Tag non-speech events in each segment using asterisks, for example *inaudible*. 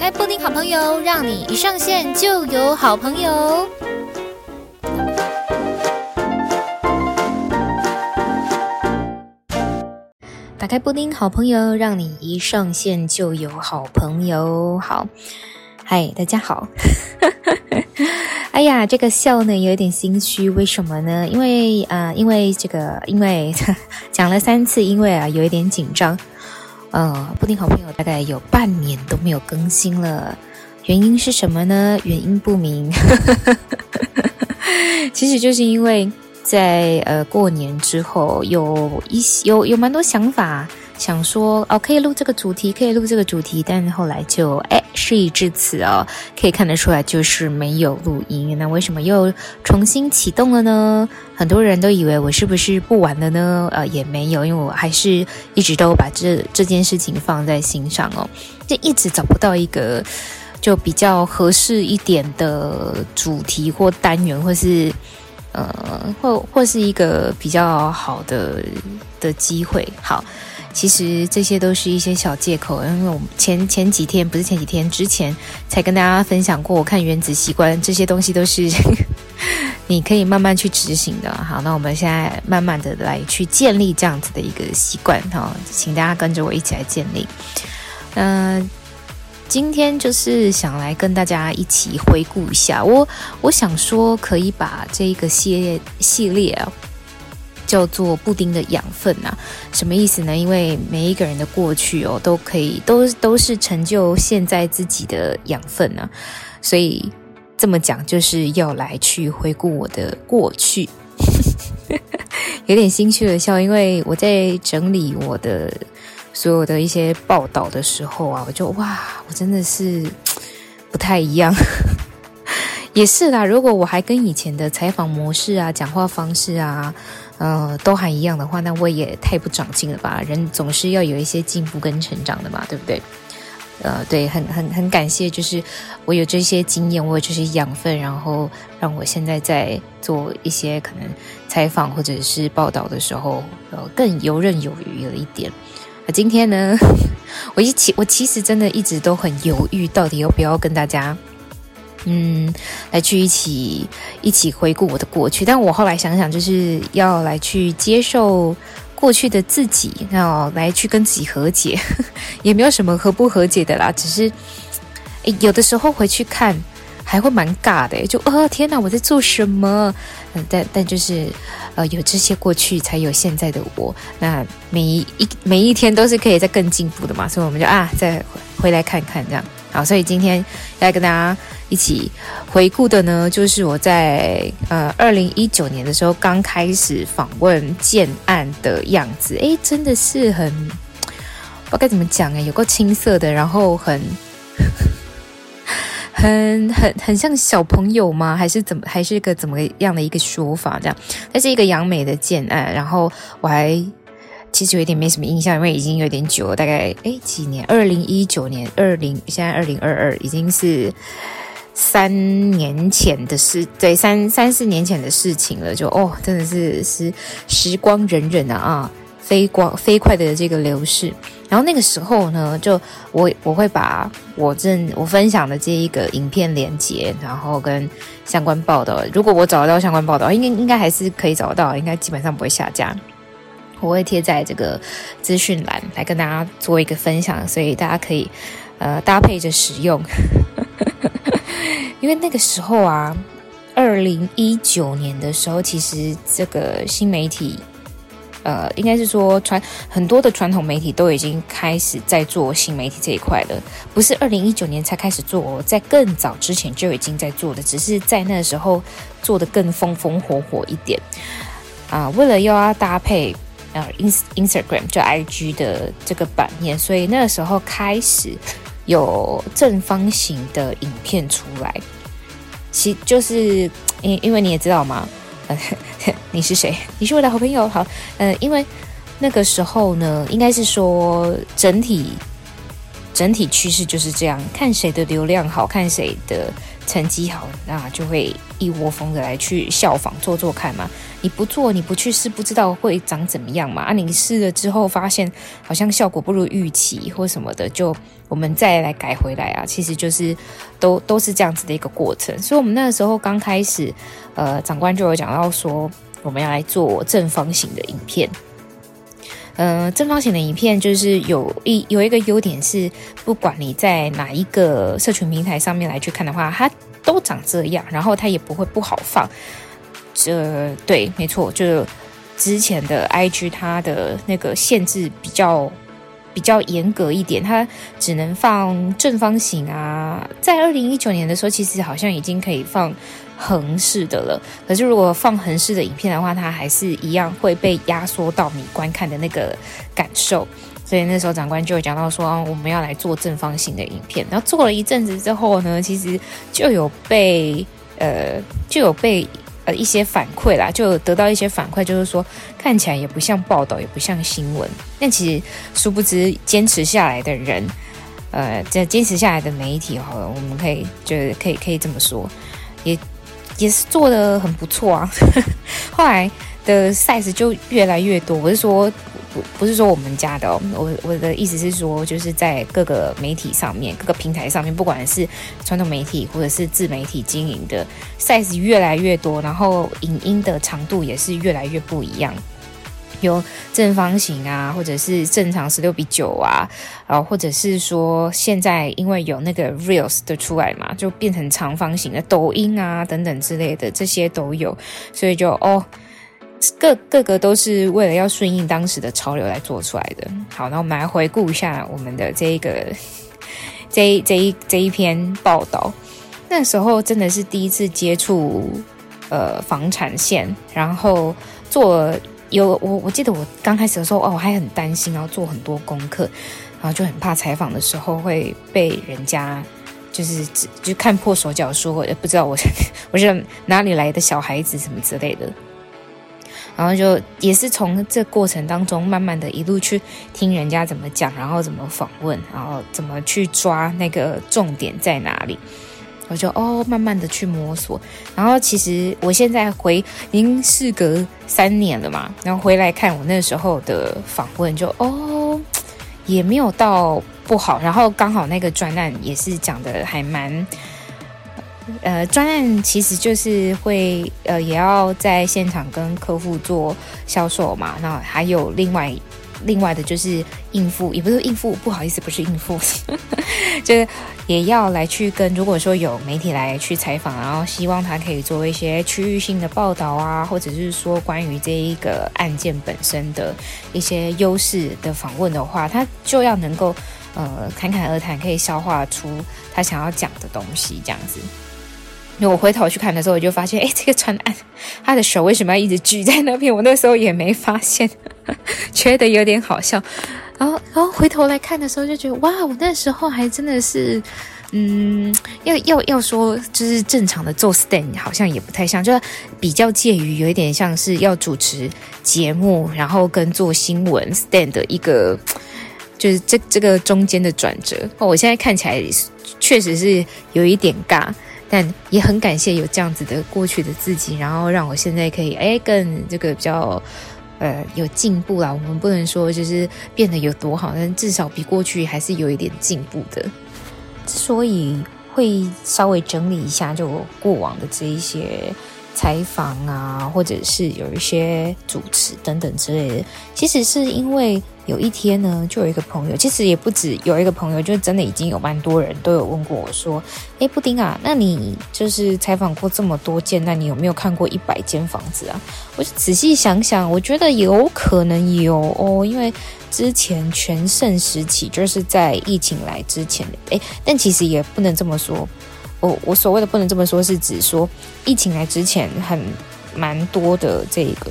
打開布丁好朋友，讓你一上線就有好朋友。打開布丁好朋友，讓你一上線就有好朋友。好，嗨，大家好。 *laughs* 哎呀，這個笑呢有點心虛，為什麼呢？因為啊、呃，因為這個，因為講了三次，因為啊，有一點緊張。呃、哦，布丁好朋友大概有半年都沒有更新了，原因是什麼呢？原因不明， *laughs* 其實就是因為在呃過年之後有，有一些有有蠻多想法。想說哦，可以錄這個主題，可以錄這個主題，但後來就哎，事已至此哦，可以看得出來就是沒有錄音。那為什麼又重新啟動了呢？很多人都以為我是不是不玩了呢？呃，也沒有，因為我還是一直都把這這件事情放在心上哦，就一直找不到一個就比較合適一點的主題或單元，或是呃，或或是一個比較好的的機會。好。其實這些都是一些小借口，因為我前前幾天不是前幾天之前才跟大家分享過，我看原子習慣這些東西都是呵呵你可以慢慢去執行的。好，那我們現在慢慢的來去建立這樣子的一個習慣哈、哦，請大家跟着我一起來建立。嗯、呃，今天就是想來跟大家一起回顧一下，我我想說可以把這個系列系列、哦。叫做布丁的養分啊，什麼意思呢？因為每一個人的過去哦，都可以都都是成就現在自己的養分啊，所以這麼講就是要來去回顧我的過去， *laughs* 有點心虛的笑，因為我在整理我的所有的一些報導的時候啊，我就哇，我真的是不太一樣， *laughs* 也是啦，如果我還跟以前的採訪模式啊，講話方式啊。呃，都還一樣的話，那我也太不長進了吧？人總是要有一些進步跟成長的嘛，對不對？呃，對，很很很感謝，就是我有這些經驗，我有這些養分，然後讓我現在在做一些可能採訪或者是報道的時候，呃，更游刃有餘了一點。啊，今天呢，我一起，我其實真的一直都很猶豫，到底要不要跟大家。嗯，來去一起一起回顧我的過去，但我後來想想，就是要來去接受過去的自己，然後來去跟自己和解，呵呵也沒有什麼和不和解的啦。只是，哎，有的時候回去看還會蠻尬的，就哦天哪，我在做什麼？嗯，但但就是呃，有這些過去才有現在的我。那每一每一天都是可以再更進步的嘛，所以我們就啊，再回，回來看看這樣。好，所以今天要跟大家一起回顧的呢，就是我在呃二零一九年的時候剛開始訪問建案的樣子。哎，真的是很不知道該怎麼講哎，有夠青澀的，然後很很很很像小朋友嗎？還是怎麼？還是個怎麼樣的一個說法？這樣，那是一個陽美的建案，然後我還。其實有點沒什麼印象，因為已經有點久了，大概誒幾年？二零一九年，二零現在二零二二，已經是三年前的事，對，三三四年前的事情了。就哦，真的是時時光荏苒的啊，飛光飛快的這個流逝。然後那個時候呢，就我我會把我正我分享的這一個影片連結，然後跟相關報道，如果我找得到相關報道，應該應該還是可以找得到，應該基本上不會下架。我會貼在這個資訊欄來跟大家做一個分享，所以大家可以呃搭配着使用。 *laughs* 因為那個時候啊，二零一九年的時候，其實這個新媒體，呃，應該是說傳很多的傳統媒體都已經開始在做新媒體這一塊了，不是二零一九年才開始做哦，在更早之前就已經在做的，只是在那個時候做的更風風火火一點。啊、呃，為了要，要搭配。呃 ins Instagram 就 IG 的這個版面，所以那個時候開始有正方形的影片出來。其就是因因為你也知道嗎？呃、呵你是誰？你是我的好朋友。好，呃，因為那個時候呢，應該是說整體整體趨勢就是這樣，看誰的流量好看誰的。成績好，那就會一窩蜂的來去效仿做做看嘛。你不做，你不去試，不知道會長怎麼樣嘛。啊，你試了之後發現好像效果不如預期或什麼的，就我們再來改回來啊。其實就是都都是這樣子的一個過程。所以，我們那時候剛開始，呃，長官就有講到說，我們要來做正方形的影片。嗯、呃，正方形的影片就是有一有一個優點是，不管你在哪一個社群平台上面來去看的話，它都長這樣，然後它也不會不好放。這對，沒錯，就之前的 IG 它的那個限制比較比較嚴格一點，它只能放正方形啊。在二零一九年的時候，其實好像已經可以放。橫式的了，可是如果放橫式的影片的話，它還是一樣會被壓縮到你觀看的那個感受。所以那時候長官就有講到說，哦，我們要來做正方形的影片。然後做了一陣子之後呢，其實就有被呃就有被呃一些反饋啦，就得到一些反饋，就是說看起來也不像報道，也不像新聞。但其實殊不知堅持下來的人，呃，這堅持下來的媒體好了，我們可以就是可以可以這麼說，也。也是做的很不錯啊，後來的 size 就越來越多。我是說，不不是說我們家的哦，我我的意思是說，就是在各個媒體上面、各個平台上面，不管是傳統媒體或者是自媒體經營的 size 越來越多，然後影音的長度也是越來越不一樣。有正方形啊，或者是正常十六比九啊，啊，或者是說現在因為有那個 reels 的出來嘛，就變成長方形的抖音啊等等之類的，這些都有，所以就哦，各各個都是為了要順應當時的潮流來做出來的。好，那我們來回顧一下我們的這一個這這一這一，這一篇報道，那時候真的是第一次接觸呃房產線，然後做。有我，我記得我剛開始的時候，哦，我還很擔心，要做很多功課，然後就很怕採訪的時候會被人家就是就看破手腳，說也不知道我我是哪裡來的小孩子什麼之類的。然後就也是從這過程當中，慢慢的一路去聽人家怎麼講，然後怎麼訪問，然後怎麼去抓那個重點在哪裡。我就哦，慢慢的去摸索。然後其實我現在回，已經事隔三年了嘛。然後回來看我那時候的訪問，就哦，也沒有到不好。然後剛好那個專案也是講的還蠻，呃，專案其實就是會呃，也要在現場跟客戶做銷售嘛。然後還有另外。另外的就是應付，也不是應付，不好意思，不是應付，呵呵，就是也要來去跟。如果說有媒體來去採訪，然後希望他可以做一些區域性的報道啊，或者是說關於這一個案件本身的一些優勢的訪問的話，他就要能夠呃侃侃而談，可以消化出他想要講的東西，這樣子。因為我回頭去看的時候，我就發現，哎，這個船岸，他的手為什麼要一直舉在那邊？我那時候也沒發現，呵呵，覺得有點好笑。然後，然後回頭來看的時候，就覺得，哇，我那時候還真的是，嗯，要要要說，就是正常的做 stand 好像也不太像，就是比較介於有一點像是要主持節目，然後跟做新聞 stand 的一個，就是這這個中間的轉折。哦，我現在看起來確實是有一點尬。但也很感謝有這樣子的過去的自己，然後讓我現在可以哎更，欸、這個比較，呃，有進步啦。我們不能說就是變得有多好，但至少比過去還是有一點進步的。之所以會稍微整理一下就過往的這一些採訪啊，或者是有一些主持等等之類的，其實是因為有一天呢，就有一個朋友，其實也不止有一個朋友，就真的已經有蠻多人都有問過我說：“哎，布丁啊，那你就是採訪過這麼多間，那你有沒有看過一百間房子啊？”我就仔細想想，我覺得有可能有哦，因為之前全盛時期就是在疫情來之前，哎，但其實也不能這麼說。我、哦、我所謂的不能這麼說，是指說疫情來之前很蠻多的這個。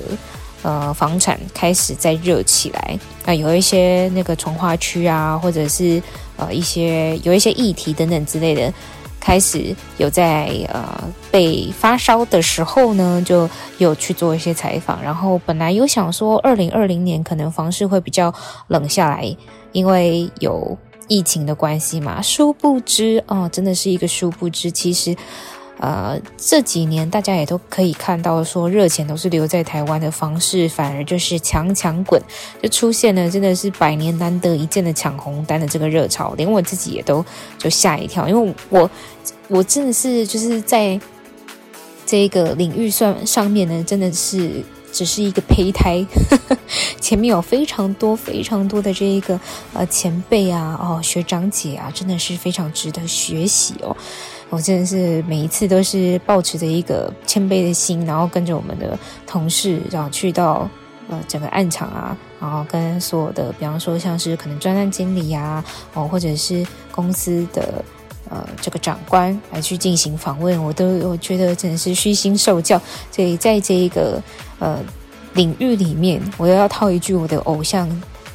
呃，房產開始在熱起來，那、呃、有一些那個重劃區啊，或者是呃一些有一些議題等等之類的，開始有在呃被發燒的時候呢，就有去做一些採訪。然後本來有想說，二零二零年可能房市會比較冷下來，因為有疫情的關係嘛。殊不知哦、呃，真的是一個殊不知，其實。呃，這幾年大家也都可以看到，說熱錢都是留在台灣的房市，反而就是強強滾，就出現了真的是百年難得一見的搶紅單的這個熱潮，連我自己也都就嚇一跳，因為我我真的是就是在這個領域算上面呢，真的是只是一個胚胎， *laughs* 前面有非常多非常多的這一個呃前輩啊，哦學長姐啊，真的是非常值得學習哦。我真的是每一次都是抱持着一個謙卑的心，然後跟着我們的同事，然後去到呃整個案場啊，然後跟所有的，比方說像是可能專案經理啊，哦或者是公司的呃這個長官來去進行訪問，我都我覺得真的是虛心受教。所以在這一個呃領域裡面，我又要套一句我的偶像。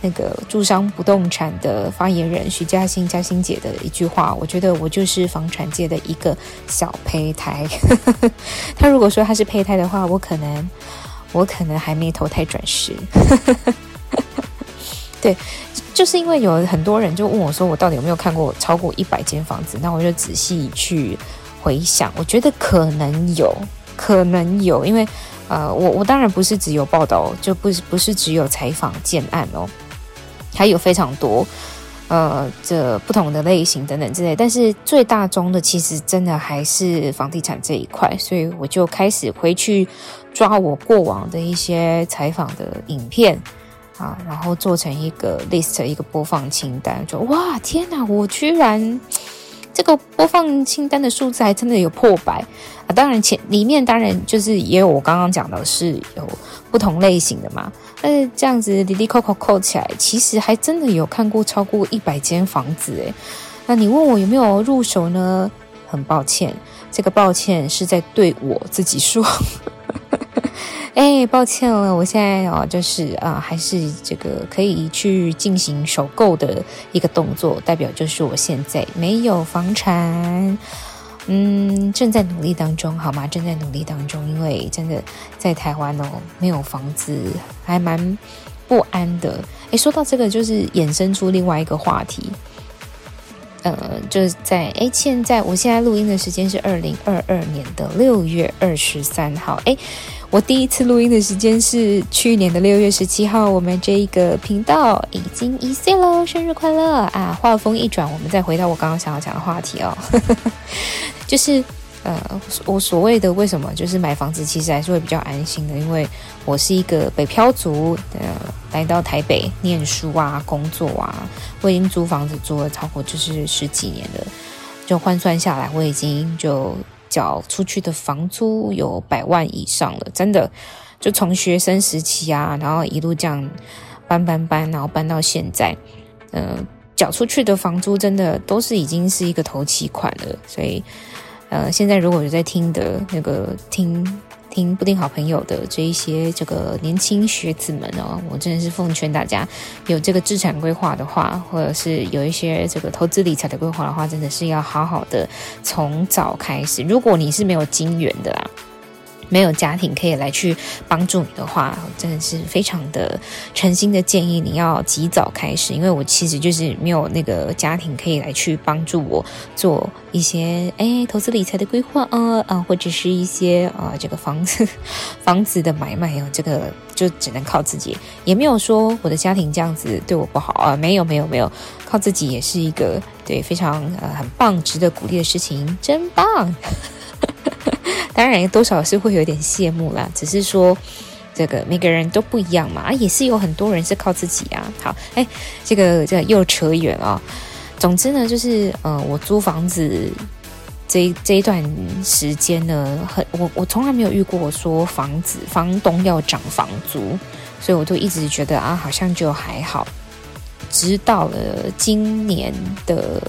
那個住商不動產的發言人徐嘉欣，嘉欣姐的一句話，我覺得我就是房產界的一個小胚胎。 *laughs* 他如果說他是胚胎的話，我可能我可能還沒投胎轉世。 *laughs* 對，就是因為有很多人就問我說，我到底有沒有看過超過一百間房子？那我就仔細去回想，我覺得可能有，可能有，因為呃，我我當然不是只有報道，就不是不是只有採訪建案哦。還有非常多，呃，這不同的類型等等之類，但是最大宗的其實真的還是房地產這一塊，所以我就開始回去抓我過往的一些採訪的影片，啊，然後做成一個 list，一個播放清單，就哇，天吶，我居然。這個播放清單的數字還真的有破百啊！當然前，前裡面當然就是也有我剛剛講到，是有不同類型的嘛。但是這樣子滴滴扣扣扣起來，其實還真的有看過超過一百間房子誒。那你問我有沒有入手呢？很抱歉，這個抱歉是在對我自己說。哎、欸，抱歉了，我現在哦，就是啊，還是這個可以去進行首購的一個動作，代表就是我現在沒有房產，嗯，正在努力當中，好嗎？正在努力當中，因為真的在台灣哦，沒有房子還蠻不安的。哎、欸，說到這個，就是衍生出另外一個話題。呃，就在哎，現在我現在錄音的時間是二零二二年的六月二十三號。哎，我第一次錄音的時間是去年的六月十七號。我們這一個頻道已經一歲了，生日快樂啊！話鋒一轉，我們再回到我剛剛想要講的話題哦，呵呵就是。呃，我所謂的為什麼就是買房子，其實還是會比較安心的，因為我是一個北漂族，呃，來到台北念書啊、工作啊，我已經租房子租了超過就是十幾年了，就換算下來，我已經就繳出去的房租有百萬以上了，真的，就從學生時期啊，然後一路這樣搬搬搬，然後搬到現在，呃，繳出去的房租真的都是已經是一個頭期款了，所以。呃，現在如果有在聽的，那個聽聽布丁好朋友的這一些這個年輕學子們哦，我真的是奉勸大家，有這個資產規劃的話，或者是有一些這個投資理財的規劃的話，真的是要好好的從早開始。如果你是沒有金源的啦。沒有家庭可以來去幫助你的話，我真的是非常的誠心的建議你要及早開始，因為我其實就是沒有那個家庭可以來去幫助我做一些誒、哎、投資理財的規劃啊、哦、啊，或者是一些啊這個房子房子的買賣啊、哦，這個就只能靠自己。也沒有說我的家庭這樣子對我不好啊，沒有沒有沒有，靠自己也是一個對非常呃很棒值得鼓勵的事情，真棒。 *laughs* 當然，多少是會有點羨慕啦。只是說，這個每個人都不一樣嘛。啊，也是有很多人是靠自己啊。好，哎，這個這個又扯遠了哦。總之呢，就是呃，我租房子這這一段時間呢，很我我從來沒有遇過說房子房東要漲房租，所以我都一直覺得啊，好像就還好。直到了今年的。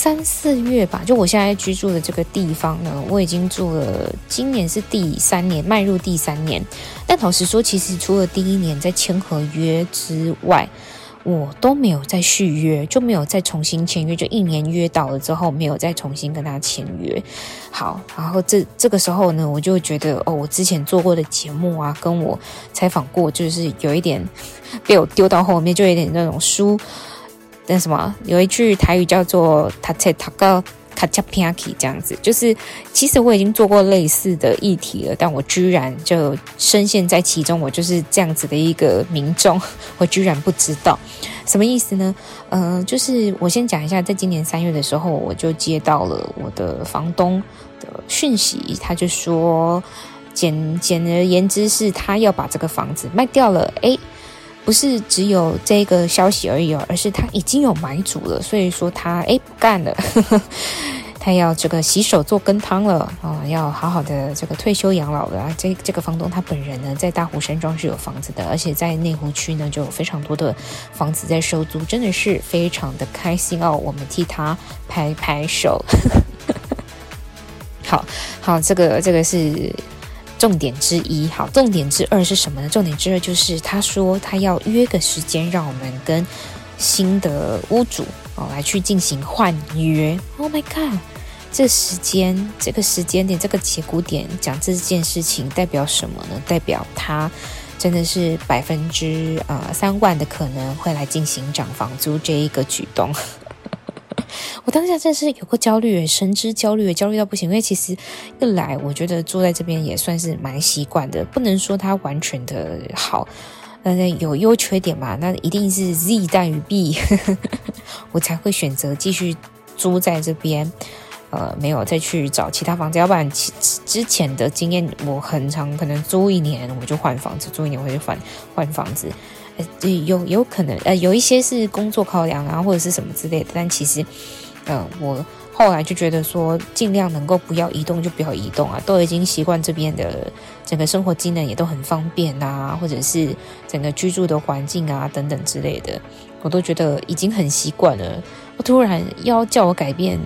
三四月吧，就我現在居住的這個地方呢，我已經住了。今年是第三年，邁入第三年。但老實說，其實除了第一年在簽合約之外，我都沒有再續約，就沒有再重新簽約，就一年約到了之後，沒有再重新跟他簽約。好，然後這這個時候呢，我就覺得哦，我之前做過的節目啊，跟我採訪過，就是有一點被我丟到後面，就有一點那種書。那什麼，有一句台語叫做塔切塔克卡 a 皮 a k 這樣子，就是其實我已經做過類似的議題了，但我居然就深陷在其中，我就是這樣子的一個民眾，我居然不知道什麼意思呢？嗯、呃，就是我先講一下，在今年三月的時候，我就接到了我的房東的訊息，他就說，簡簡而言之是他要把這個房子賣掉了，哎。不是只有這個消息而已哦，而是他已經有買主了，所以說他誒不幹了呵呵，他要這個洗手做羹湯了啊，哦，要好好的這個退休養老了。這這個房東他本人呢，在大湖山莊是有房子的，而且在內湖區呢，就有非常多的房子在收租，真的是非常的開心哦，我們替他拍拍手。呵呵，好好，這個這個是。重點之一，好，重點之二是什麼呢？重點之二就是他說他要約個時間，讓我們跟新的屋主哦來去進行換約。Oh my god，這時間這個時間點這個節骨點講這件事情代表什麼呢？代表他真的是百分之啊三萬的可能會來進行漲房租這一個舉動。我當下真的是有個焦慮，深知焦慮，焦慮到不行。因為其實一來，我覺得住在這邊也算是蠻習慣的，不能說它完全的好，但是有優缺點嘛，那一定是利大於弊，我才會選擇繼續租在這邊。呃，沒有再去找其他房子，要不然其之前的經驗，我很常可能租一年我就換房子，租一年我就換換，換房子。呃、有有可能，呃，有一些是工作考量啊，或者是什麼之類的。但其實，呃，我後來就覺得說，盡量能夠不要移動就不要移動啊。都已經習慣這邊的整個生活機能也都很方便啊，或者是整個居住的環境啊等等之類的，我都覺得已經很習慣了。我突然要叫我改變，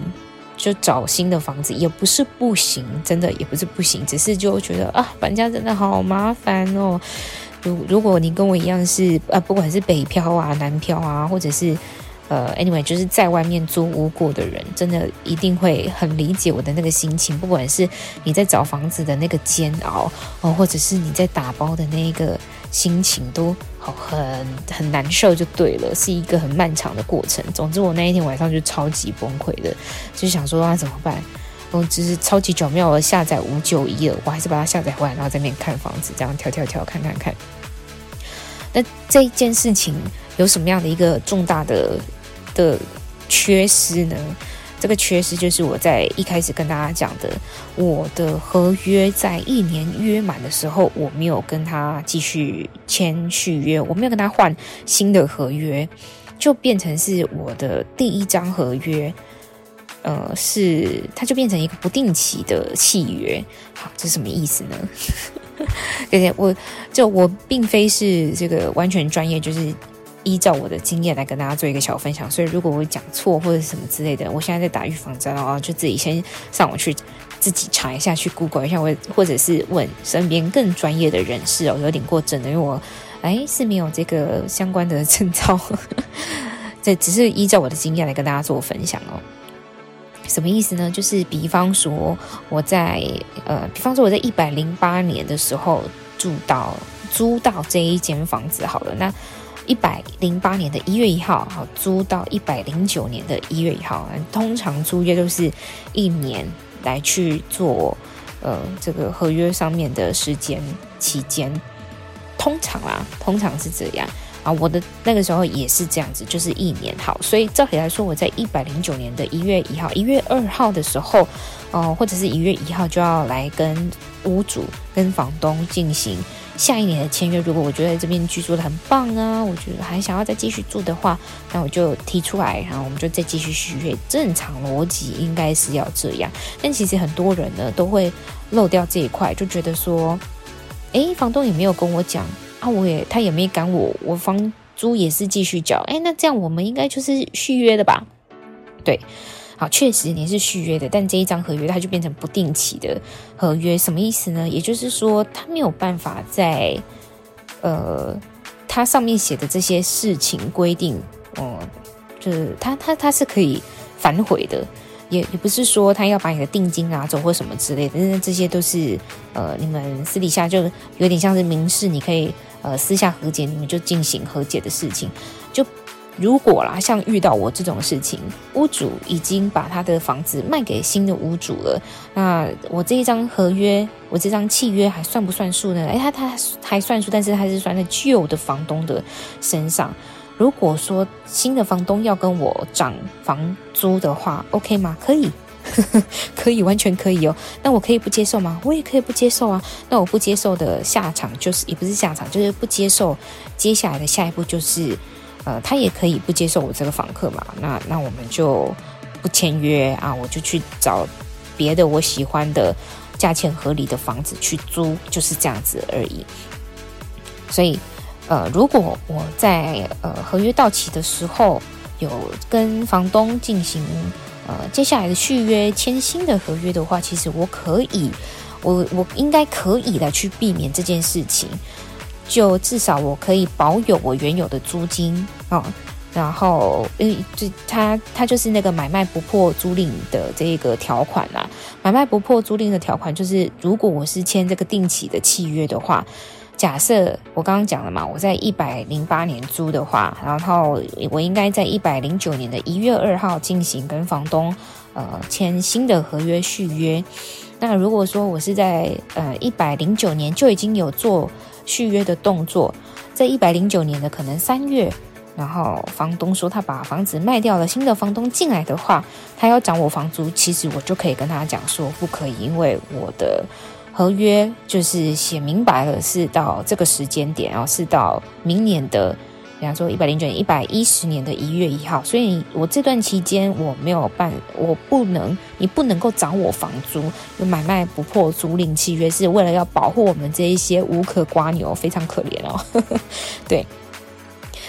就找新的房子也不是不行，真的也不是不行，只是就覺得啊，搬家真的好麻煩哦。如如果你跟我一樣是啊、呃，不管是北漂啊、南漂啊，或者是呃，anyway，就是在外面租屋過的人，真的一定會很理解我的那個心情。不管是你在找房子的那個煎熬哦，或者是你在打包的那一個心情，都好很很難受，就對了，是一個很漫長的過程。總之，我那一天晚上就超級崩潰的，就想說那、啊、怎麼辦？我、哦、只是超級巧妙的下載五九一二，我還是把它下載完，然後在那邊看房子，這樣跳跳跳，看看看。那這件事情有什麼樣的一個重大的的缺失呢？這個缺失就是我在一開始跟大家講的，我的合約在一年約滿的時候，我沒有跟他繼續簽續約，我沒有跟他換新的合約，就變成是我的第一張合約。呃，是它就變成一個不定期的契約。好，這是什麼意思呢？有 *laughs* 點，我就我並非是這個完全專業，就是依照我的經驗來跟大家做一個小分享。所以如果我講錯或者什麼之類的，我現在在打預防針哦，就自己先上網去自己查一下，去 Google 一下，或者是問身邊更專業的人士哦。有點過正的，因為我哎、欸、是沒有這個相關的證照，這 *laughs* 只是依照我的經驗來跟大家做分享哦。什麼意思呢？就是比方說，我在呃，比方說我在一百零八年的時候住到租到這一間房子好了。那一百零八年的一月一號好租到一百零九年的一月一號，通常租約就是一年來去做呃這個合約上面的時間期間，通常啊，通常是這樣。啊，我的那個時候也是這樣子，就是一年。好，所以照理來說，我在一百零九年的一月一號、一月二號的時候，哦、呃，或者是一月一號就要來跟屋主、跟房東進行下一年的簽約。如果我覺得這邊居住得很棒啊，我覺得還想要再繼續住的話，那我就提出來，然後我們就再繼續續約。正常邏輯應該是要這樣，但其實很多人呢都會漏掉這一塊，就覺得說，哎，房東也沒有跟我講。後、啊、我也他也沒趕我，我房租也是繼續交。哎，那這樣我們應該就是續約的吧？對，好，確實你是續約的，但這一張合約它就變成不定期的合約，什麼意思呢？也就是說，他沒有辦法在呃，他上面寫的這些事情規定，哦、呃，就是他他他是可以反悔的，也也不是說他要把你的定金拿走或什麼之類的，那這些都是呃，你們私底下就有點像是民事，你可以。呃，私下和解，你們就進行和解的事情。就如果啦，像遇到我這種事情，屋主已經把他的房子賣給新的屋主了，那我這一張合約，我這張契約還算不算數呢？哎，他他還算數，但是他是算在舊的房東的身上。如果說新的房東要跟我漲房租的話，OK 嗎？可以。 *laughs* 可以，完全可以哦。那我可以不接受嗎？我也可以不接受啊。那我不接受的下場就是，也不是下場，就是不接受。接下來的下一步就是，呃，他也可以不接受我這個房客嘛。那那我們就不簽約啊，我就去找別的我喜歡的、價錢合理的房子去租，就是這樣子而已。所以，呃，如果我在呃合約到期的時候有跟房東進行。呃、嗯，接下來的續約簽新的合約的話，其實我可以，我我應該可以來去避免這件事情。就至少我可以保有我原有的租金啊、嗯，然後因為這它它就是那個買賣不破租賃的這個條款啦。買賣不破租賃的條款就是，如果我是簽這個定期的契約的話。假設我剛剛講了嘛，我在一百零八年租的話，然後我應該在一百零九年的一月二號進行跟房東呃簽新的合約續約。那如果說我是在呃一百零九年就已經有做續約的動作，在一百零九年的可能三月，然後房東說他把房子賣掉了，新的房東進來的話，他要漲我房租，其實我就可以跟他講說不可以，因為我的。合約就是寫明白了，是到這個時間點啊、哦、是到明年的，比方說一百零九年、一百一十年的一月一號，所以，我這段期間我沒有辦，我不能，你不能夠漲我房租。買賣不破租賃契約是為了要保護我們這一些無殼蝸牛，非常可憐哦。呵呵對，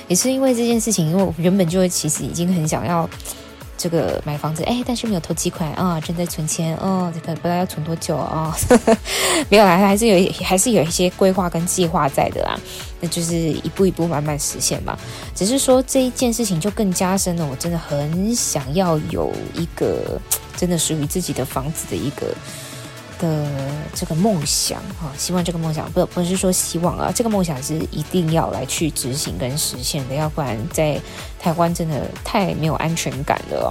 也是因為這件事情，因為我原本就會其實已經很想要。這個買房子哎，但是沒有頭期款啊、哦，正在存錢哦，這個不知道要存多久啊、哦，沒有啦，還是有還是有一些規劃跟計劃在的啦，那就是一步一步慢慢實現嘛，只是說這一件事情就更加深了，我真的很想要有一個真的屬於自己的房子的一個。的這個夢想啊，希望這個夢想不是不是說希望啊，這個夢想是一定要來去執行跟實現的，要不然在台灣真的太沒有安全感了哦。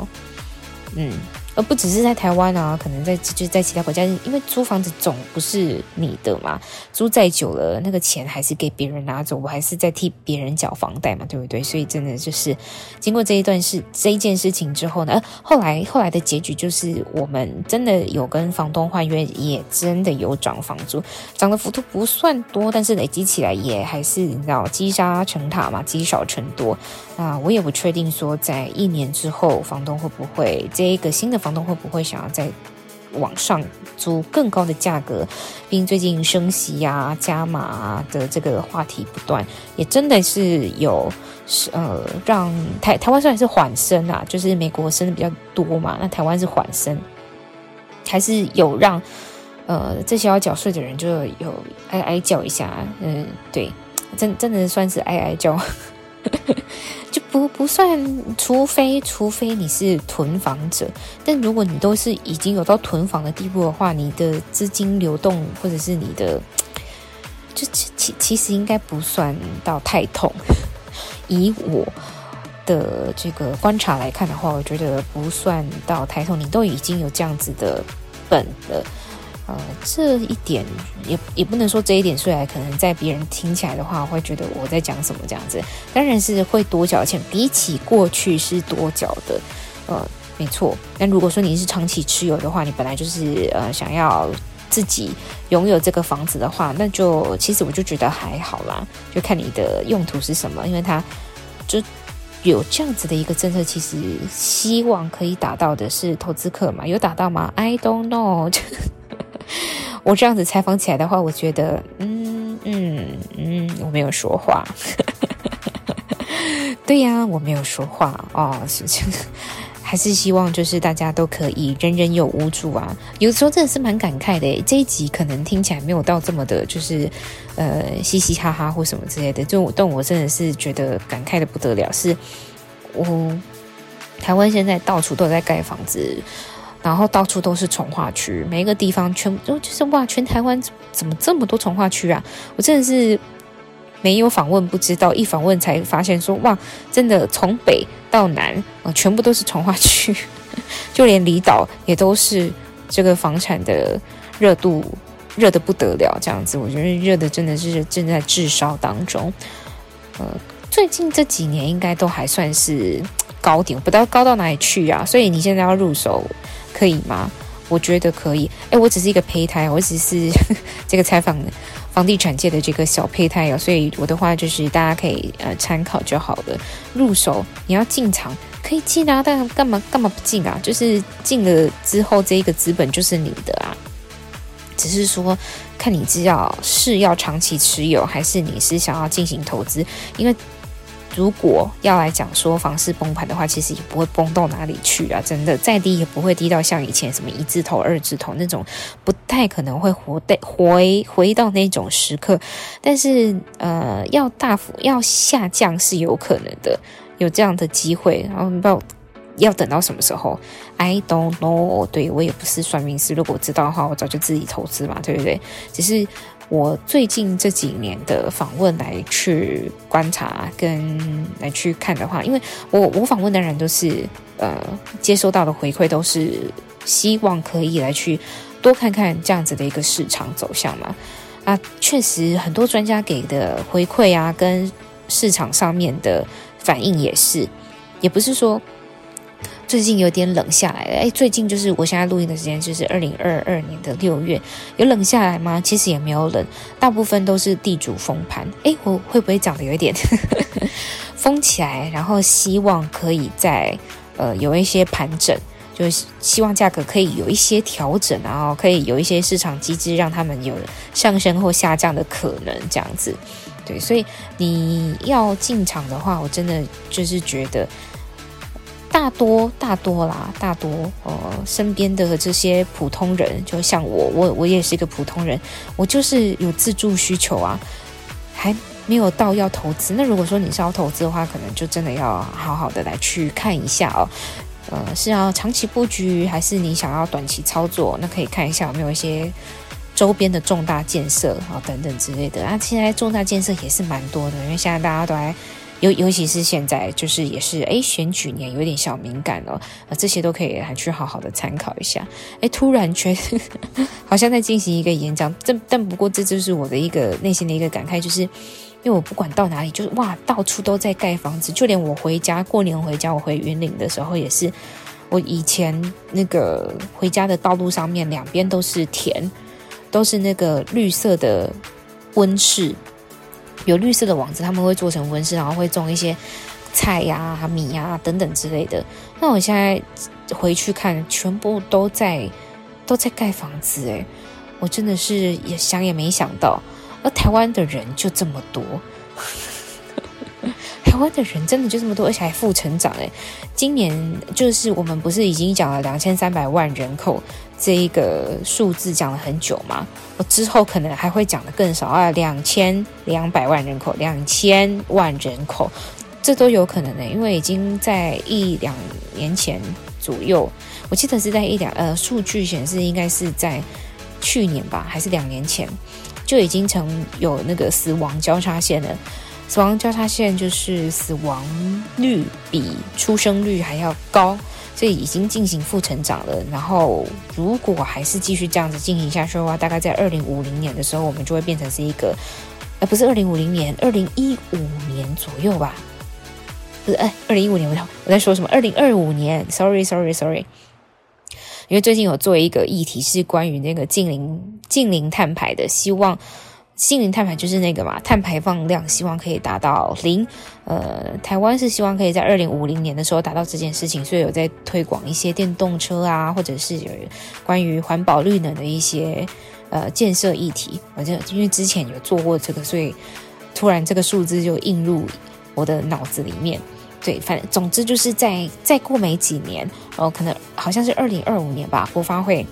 嗯。而不只是在台灣啊，可能在就是在其他國家，因為租房子總不是你的嘛，租再久了，那個錢還是給別人拿走，我還是在替別人繳房貸嘛，對不對？所以真的就是，經過這一段事這一件事情之後呢，啊、後來後來的結局就是我們真的有跟房東換約，也真的有漲房租，漲的幅度不算多，但是累積起來也還是你知道，積沙成塔嘛，積少成多。啊，我也不確定說，在一年之後，房東會不會，這一個新的房東會不會想要再往上租更高的價格？畢竟最近升息呀、啊、加碼啊的這個話題不斷，也真的是有呃，讓台台灣算是緩升啊，就是美國升的比較多嘛，那台灣是緩升，還是有讓呃這些要繳稅的人就有哀哀叫一下、啊。嗯，對，真的真的算是哀哀叫呵。不不算，除非除非你是囤房者，但如果你都是已經有到囤房的地步的話，你的資金流動或者是你的，這其其其實應該不算到太痛。以我的這個觀察來看的話，我覺得不算到太痛。你都已經有這樣子的本了。呃，這一點也也不能說這一點，出來。可能在別人聽起來的話，會覺得我在講什麼這樣子，當然是會多繳錢，比起過去是多繳的，呃，沒錯。但如果說你是長期持有的話，你本來就是呃想要自己擁有這個房子的話，那就其實我就覺得還好啦，就看你的用途是什麼，因為它就有這樣子的一個政策，其實希望可以達到的是投資客嘛，有達到嗎？I don't know 就。我這樣子採訪起來的話，我覺得，嗯嗯嗯，我沒有說話。 *laughs* 對呀、啊，我沒有說話哦。是，啊。還是希望就是大家都可以，人人有屋住啊。有時候真的是蠻感慨的。這一集可能聽起來沒有到這麼的，就是呃嘻嘻哈哈或什麼之類的。就我但我真的是覺得感慨的不得了。是我，我台灣現在到處都在蓋房子。然後到處都是重劃區，每一個地方全就是哇，全台灣怎麼這麼多重劃區啊？我真的是沒有訪問不知道，一訪問才發現說哇，真的從北到南，呃，全部都是重劃區。 *laughs* 就連離島也都是這個房產的熱度熱得不得了，這樣子，我覺得熱的真的是正在炙燒當中。呃，最近這幾年應該都還算是高點，不知道高到哪裡去啊？所以你現在要入手，可以嗎？我覺得可以。誒，我只是一個胚胎，我只是呵呵這個採訪房地產界的這個小胚胎啊、哦，所以我的話就是大家可以呃參考就好了。入手你要進場可以進啊，但幹嘛幹嘛不進啊？就是進了之後，這一個資本就是你的啊，只是說看你知道是要長期持有，還是你是想要進行投資，因為。如果要來講說房市崩盤的話，其實也不會崩到哪裡去啊，真的再低也不會低到像以前什麼一字頭、二字頭那種，不太可能會活的回回回到那種時刻。但是呃，要大幅要下降是有可能的，有這樣的機會，然後不知道要等到什麼時候，I don't know 對。對，我也不是算命師，如果我知道的話，我早就自己投資嘛，對不對？只是。我最近這幾年的訪問來去觀察跟來去看的話，因為我我訪問的人都是呃接收到的回饋都是希望可以來去多看看這樣子的一個市場走向嘛。啊，確實很多專家給的回饋啊，跟市場上面的反應也是，也不是說。最近有點冷下來了誒，最近就是我現在錄音的時間就是二零二二年的六月，有冷下來嗎？其實也沒有冷，大部分都是地主封盤，誒，我會不會講得有一點封 *laughs* 起來？然後希望可以再呃有一些盤整，就是希望價格可以有一些調整，然後可以有一些市場機制讓他們有上升或下降的可能，這樣子，對，所以你要進場的話，我真的就是覺得。大多大多啦，大多呃，身邊的這些普通人，就像我，我我也是一個普通人，我就是有自住需求啊，還沒有到要投資。那如果說你是要投資的話，可能就真的要好好的來去看一下哦。呃，是要長期布局，還是你想要短期操作？那可以看一下有沒有一些周邊的重大建設啊、哦，等等之類的。那、啊、現在重大建設也是蠻多的，因為現在大家都還。尤尤其是現在，就是也是哎，選舉年有點小敏感哦，啊，這些都可以還去好好的參考一下。哎，突然覺得好像在進行一個演講。這但不過這就是我的一個內心的一個感慨，就是因為我不管到哪裡，就是哇，到處都在蓋房子，就連我回家過年回家，我回雲嶺的時候也是，我以前那個回家的道路上面兩邊都是田，都是那個綠色的溫室。有綠色的網子，他們會做成溫室，然後會種一些菜呀、啊、米呀、啊、等等之類的。那我現在回去看，全部都在都在蓋房子哎！我真的是也想也沒想到，而台灣的人就這麼多， *laughs* 台灣的人真的就這麼多，而且還負成長哎！今年就是我們不是已經講了兩千三百萬人口？這一個數字講了很久嘛，我之後可能還會講得更少啊，兩千兩百萬人口，兩千萬人口，這都有可能的、欸，因為已經在一兩年前左右，我記得是在一兩呃，數據顯示應該是在去年吧，還是兩年前，就已經成有那個死亡交叉線了。死亡交叉線就是死亡率比出生率還要高。這已經進行負成長了，然後如果還是繼續這樣子進行下去的話，大概在二零五零年的時候，我們就會變成是一個，呃、不是二零五零年，二零一五年左右吧？不是，哎，二零一五年，我在我在說什麼？二零二五年？Sorry，Sorry，Sorry，sorry, sorry 因為最近有做一個議題是關於那個淨零淨零碳排的，希望。淨零碳排就是那個嘛，碳排放量希望可以達到零。呃，台灣是希望可以在二零五零年的時候達到這件事情，所以有在推廣一些電動車啊，或者是有關於環保綠能的一些呃建設議題。反正因為之前有做過這個，所以突然這個數字就映入我的腦子裡面。對，反正總之就是在再，再過沒幾年，哦，可能好像是二零二五年吧，國發會。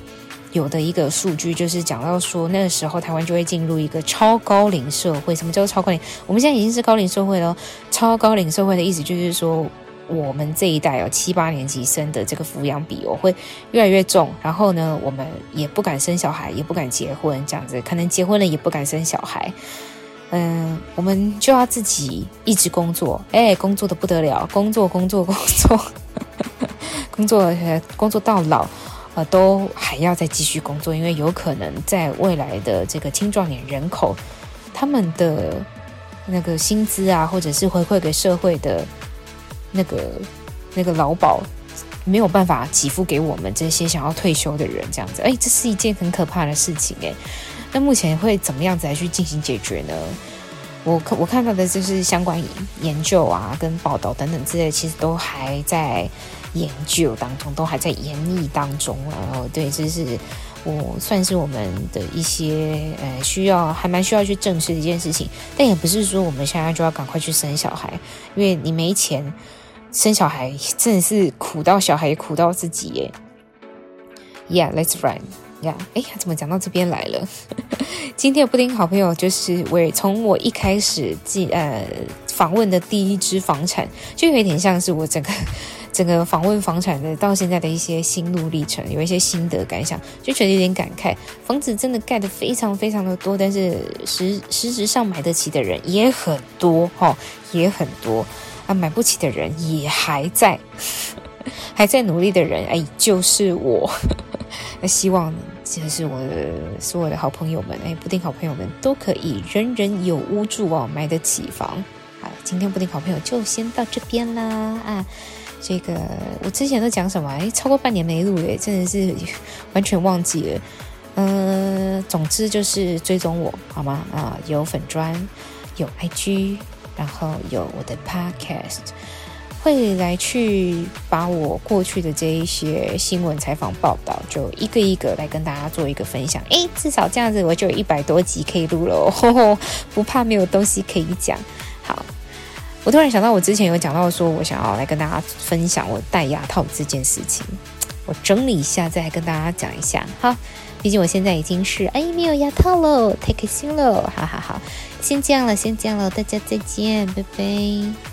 有的一個數據就是講到說，那個時候台灣就會進入一個超高齡社會。什麼叫超高齡？我們現在已經是高齡社會了。超高齡社會的意思就是說，我們這一代哦，七八年級生的這個撫養比我會越來越重。然後呢，我們也不敢生小孩，也不敢結婚，這樣子，可能結婚了也不敢生小孩。嗯，我們就要自己一直工作，哎，工作的不得了，工作，工作，工作，工作，工作到老。都還要再繼續工作，因為有可能在未來的這個青壯年人口，他們的那個薪資啊，或者是回饋給社會的那個那個勞保，沒有辦法給付給我們這些想要退休的人這樣子。哎，這是一件很可怕的事情哎。那目前會怎麼樣子來去進行解決呢？我我看到的就是相關研究啊、跟報道等等之類的，其實都還在。研究當中都還在研議當中啊！然後對，這是我、哦、算是我們的一些呃需要，還蠻需要去證實的一件事情。但也不是說我們現在就要趕快去生小孩，因為你沒錢生小孩，真的是苦到小孩，苦到自己耶。Yeah, let's run. Yeah，哎呀，怎麼講到這邊來了？ *laughs* 今天的布丁好朋友就是我，從我一開始進呃訪問的第一支房產，就有點像是我整個。整個訪問房產的到現在的一些心路歷程，有一些心得感想，就覺得有點感慨。房子真的蓋得非常非常的多，但是實實質上買得起的人也很多，哈、哦，也很多啊，買不起的人也還在，還在努力的人，哎，就是我。那、哎、希望就是我的所有的好朋友們，哎，布丁好朋友們都可以人人有屋住哦、啊，買得起房。好、啊，今天布丁好朋友就先到這邊啦，啊。這個我之前都講什麼？誒、欸、超過半年沒錄誒，真的是完全忘記了。嗯、呃，總之就是追蹤我，好嗎？啊、呃，有粉專，有 IG，然後有我的 podcast，會來去把我過去的這一些新聞、採訪、報道就一個一個來跟大家做一個分享。誒，至少這樣子我就有一百多集可以錄嘍，呵呵，不怕沒有東西可以講。我突然想到，我之前有講到，說我想要來跟大家分享我戴牙套這件事情。我整理一下，再來跟大家講一下。好，畢竟我現在已經是哎沒有牙套嘍，太開心嘍！好好好，先這樣了，先這樣了，大家再見，拜拜。